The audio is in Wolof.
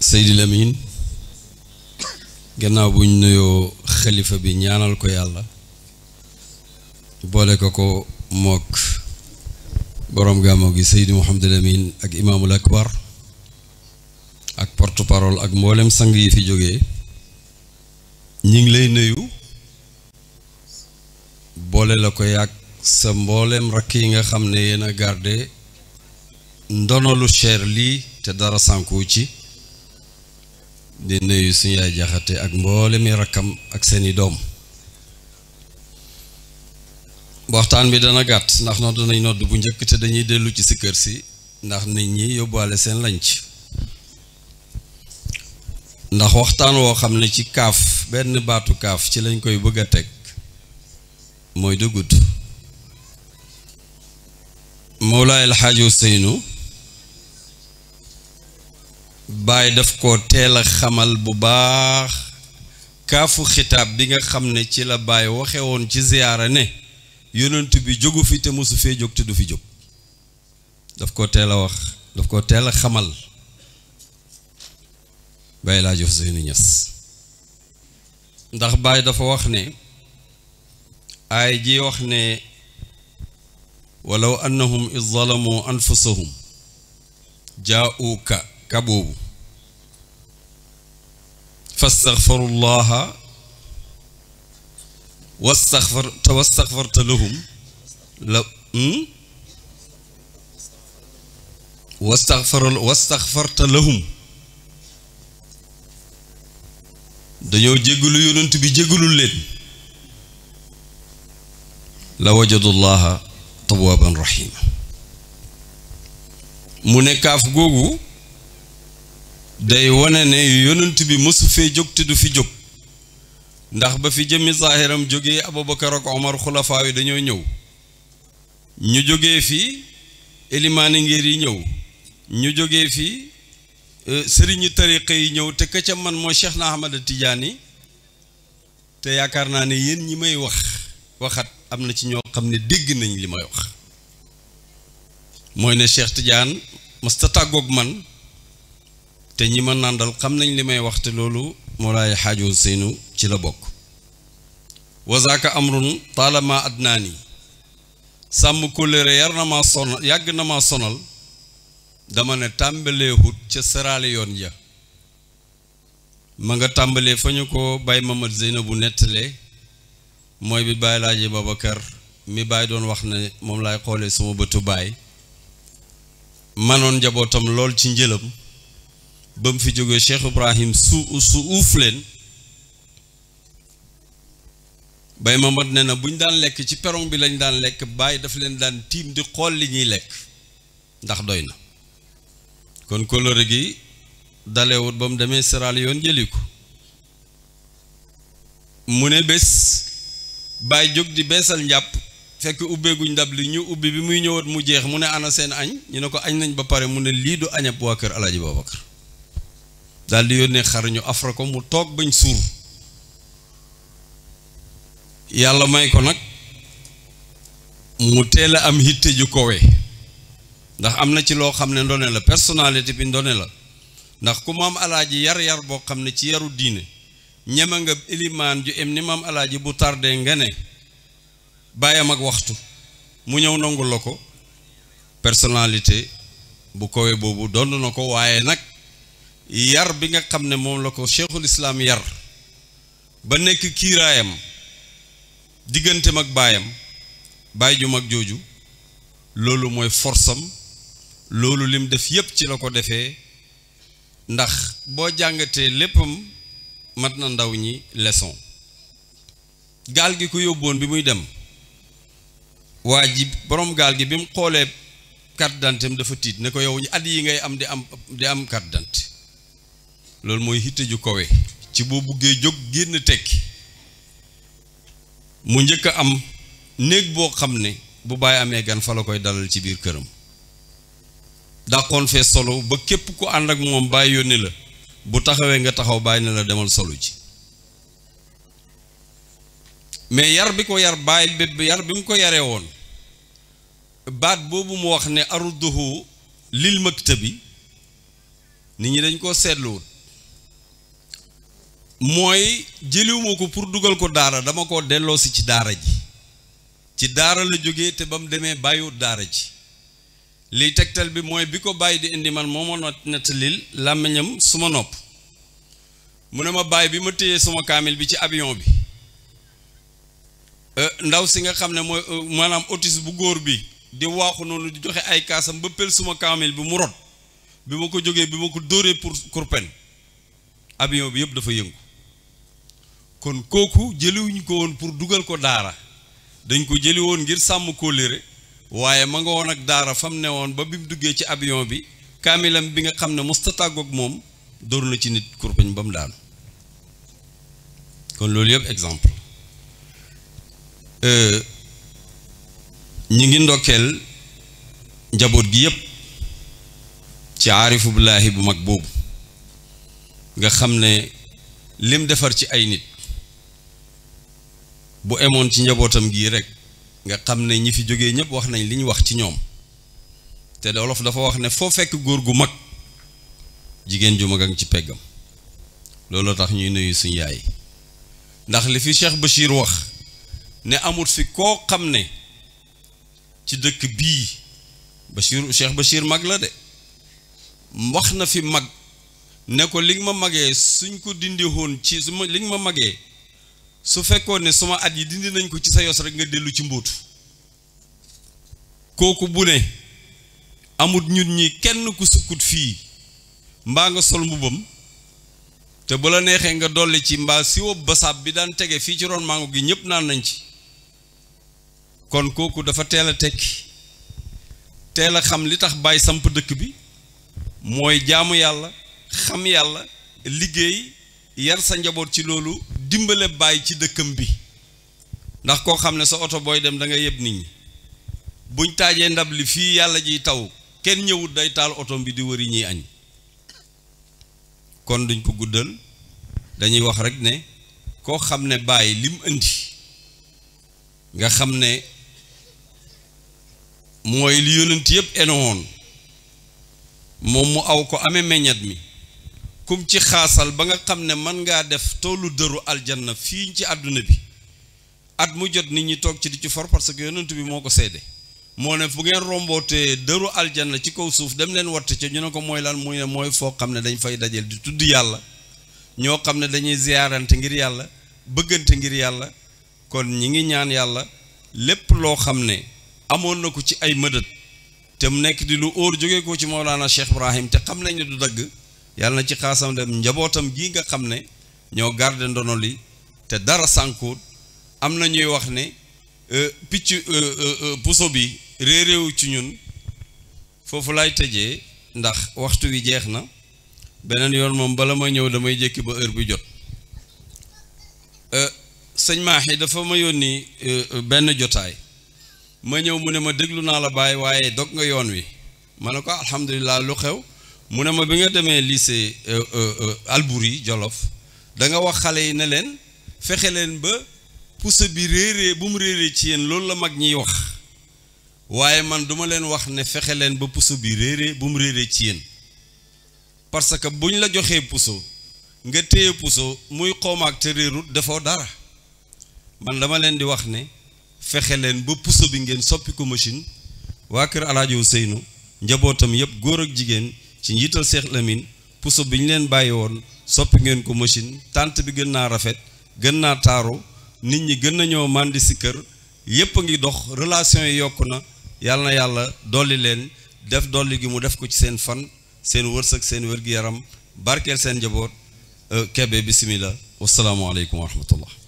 Seydi Lamine gannaaw buñ ñu nuyoo xalifa bi ñaanal ko yàlla boole ko ko mook boroom gàmmu gi Seydi Mouhamadou Lamine ak imaamul akbar ak porte ak mboolem sang yi fi jógee ñi ngi lay nuyu boole la ko yàgg sa mboolem rakk yi nga xam ne yéen a garde ndono lu cher lii te dara sànku ci di nuyu suñu yaay jaxate ak mboole mi rakkam ak seeni doom waxtaan bi dana gàtt ndax nodd nañ nodd bu njëkk te dañuy dellu ci si kër si ndax nit ñi yóbbaale seen lañc ndax waxtaan woo xam ne ci kaaf benn baatu kaaf ci lañ koy bëgg a teg mooy du gudd Mawlaay El Hadj Ousseynou Baay daf ko teel a xamal bu baax kaafu xitaab bi nga xam ne ci la Baay waxe woon ci ziyaara ne yonant bi jógu fi te mosu fee jóg te du fi jóg daf ko teel a wax daf ko teel a xamal Baay laa jox seeni ñas ndax Baay dafa wax ne aay ji wax ne walaw annahum iz zalamu anfusahum jaa'uuka ka boobu fastaxfaru llaha wastaxfar te wastaxfarta lahum la hmm? wastaxfar wastaxfarta lahum dañoo bi jéggalul leen la wajadu llaha tawaaban rahima mu ne kaaf googu day wane ne yonant bi mësu fee jóg te du fi jóg ndax ba fi jëmmi zaahiram jógee Abubakar ak Omar xulafaa yi dañoo ñëw ñu jógee fi elimaani ngir yi ñëw ñu jógee fi e, sëriñu tariqa yi ñëw te ka man mooy Cheikh na Ahmada Tidiane te yaakaar naa ne yéen ñi may wax waxat am na ci ñoo xam ne dégg nañ li may wax mooy ne Cheikh Tidiane mas ta tàggoog man te ñi ma nàndal xam nañ li may wax loolu loolu moolaay xaaju seynu ci la bokk wazaaka amrun taalama adnaani sàmm kóllëre yar na ma sonal yàgg na ma sonal dama ne tàmbaleehut ca saraale yoon ja ma nga tàmbalee fa ñu ko Baye Mamad bu nettalee mooy bi Baye Laaji Babacar mi Baye doon wax ne moom lay xoolee sama bëtu baay manoon njabootam lool ci njëlam ba mu fi jógee Cheikh Ibrahim su su uuf leen bay Mamad ne na buñ daan lekk ci perron bi lañ daan lekk bàyyi daf leen daan tiim di xool li ñuy lekk ndax doy na kon kóllëre gi dalewut ba mu demee Sierra yoon jëli ko mu ne bés bàyyi jóg di beesal njàpp fekk ubbeeguñ ndab li ñu ubbi bi muy ñëwaat mu jeex mu ne ana seen añ ñu ne ko añ nañ ba pare mu ne lii du añab waa kër Alaaji Babacar daal di yónnee xar ñu ko mu toog bañ suur yàlla may ko nag mu teel a am hitte ju kowe ndax am na ci loo xam ne ndone la personnalité bi ndone la ndax ku maam alaaji yar-yar boo xam ne ci yaru diine ñema nga ilimaan ju em ni maam alaaji bu tardé nga ne bàyyam ak waxtu mu ñëw nangul la ko personnalité bu kowe boobu doon na ko waaye nag yar bi nga xam ne moom la ko cheikhul islaam yar ba nekk kiiraayam digganteem ak baayam baay ju mag jooju loolu mooy forsam loolu lim def yépp ci la ko defee ndax boo jàngatee léppam mat na ndaw ñi leçon gaal gi ko yóbboon bi muy dem waa ji boroom gaal gi bi mu xoolee carte d'identité dafa tiit ne ko yow ñu at yi ngay am di am di am carte d'identité loolu mooy hitte ju ci boo buggee jóg génn tekki mu njëkk am néeg boo xam ne bu bàyyi amee gan fala koy dalal ci biir këram dàqoon fee solo ba képp ku ànd ak moom bàyyi yónni la bu taxawee nga taxaw bàyyi ne la demal solo ci mais yar bi ko yar bàyyi bi yar bi mu ko yaree woon baat boobu mu wax ne arudduhu lil bi nit ñi dañ ko seetluwut mooy jëliwuma ko pour dugal ko daara dama ko delloosi ci daara ji ci daara la jóge te ba mu demee bàyyiwul daara ji liy tegtal bi mooy bi ko bàyyi di indi man moo ma nettalil làmmiñam su ma nopp mu ne ma bàyyi bi ma téyee suma kaamil bi ci avion bi euh, ndaw si nga xam ne mooy euh, maanaam autiste bu góor bi di waaxu noonu di joxe ay kaasam ba pël suma kaamil bi mu rot bi ma ko jógee bi ma ko dóoree pour kurpen avion bi yëpp dafa yëngu kon kooku jëliwuñ ko woon pour dugal ko daara dañ ko jëli woon ngir sàmm kóllëre waaye ma nga woon ak daara fam ne woon ba bi mu duggee ci avion bi kaamilam bi nga xam ne musta tàggoog moom dóor na ci nit kurpañ ba mu daanu kon loolu yëpp exemple ñi ngi ndokkeel njaboot gi yëpp ci aarifu billaahi bu mag boobu nga xam ne lim defar ci ay nit bu emoon ci njabootam gii rek nga xam ne ñi fi jógee ñëpp wax nañ li ñu wax ci ñoom te de olof dafa wax ne foo fekk góor gu mag jigéen ju mag a ci peggam looloo tax ñuy nuyu suñ yaay ndax li fi Cheikh Bachir wax ne amut fi koo xam ne ci dëkk bii Bachir Cheikh Bachir mag la de wax na fi mag ne ko li ma magee suñ ko dindi woon ci su ma li ma magee su fekkoon ne suma at yi dindi nañ ko ci sa yos rek nga dellu ci mbóotu kooku bu ne amut ñun ñi kenn ku sukkut fii mbaa nga sol mbubam te bu la neexee nga dolli ci mbaa siwóob basaab bi daan tege fii ci ron mango gi ñëpp naan nañ ci kon kooku dafa teel a tekki teel a xam li tax bàyyi samp dëkk bi mooy jaamu yàlla xam yàlla liggéey yar sa njaboot ci loolu dimbale bàyyi ci dëkkam bi ndax koo xam ne sa oto booy dem da yeb nit ñi buñ taajee ndab li fii yàlla jiy taw kenn ñëwut day taal otoom bi di wëri ñiy añ kon duñ ko guddal dañuy wax rek ne koo xam ne bàyyi lim indi nga xam ne mooy li yonent yëpp enoon moom mu aw ko amee meññat mi kum ci xaasal ba nga xam ne mën ngaa def toolu dëru aljanna fii ci àdduna bi at mu jot nit ñi toog ci di ci for parce que yonent bi moo ko seede moo ne bu ngeen rombootee dëru aljanna ci kaw suuf dem leen watte ca ñu ne ko mooy lan muy ne mooy foo xam ne dañ fay dajel di tudd yàlla ñoo xam ne dañuy ziyaarante ngir yàlla bëggante ngir yàlla kon ñi ngi ñaan yàlla lépp loo xam ne amoon na ko ci ay mëdët te mu nekk di lu óor jógee ko ci Mawlaana Cheikh Ibrahim te xam nañ ne dagg yàlla na ci xaasam dem njabootam gii nga xam ne ñoo garde ndono li te dara sànkuut am na ñuy wax ne euh, picc euh, euh, puso bi réeréewu ci ñun foofu laay tëjee ndax waxtu wi jeex na beneen yoon moom bala ma ñëw damay jékki ba heure bi jot sëñ yi dafa ma yónni benn jotaay ma ñëw mu ne ma déglu naa la bàyyi waaye dog nga yoon wi ma ne ko alhamdulilah lu xew mu ne ma bi nga demee lycée euh, euh, euh, Albouri Jolof da nga wax xale yi ne leen fexe leen ba pousse bi réeree bu mu réeree ci yéen loolu la mag ñiy wax waaye man duma leen wax ne fexe leen ba pousse bi réeree bu mu réeree ci yéen parce que buñ la joxee puso nga téye puso muy xoomaak te réerut dara man dama leen di wax ne fexe leen ba puso bi ngeen soppi ko machine waa kër Alaaji Ousseynou njabootam yëpp góor ak jigéen ci njiital Cheikh Lamine puso bi ñu leen bàyyi woon soppi ngeen ko machine tànt bi gën naa rafet gën naa taaru nit ñi gën nañoo màndi si kër yépp a ngi dox relation yi yokku na yàlla na yàlla dolli leen def dolli gi mu def ko ci seen fan seen wërsëg seen wér-gi-yaram barkeel seen njaboot euh, kebe bisimilah wasalaamualeykum wa rahmatullah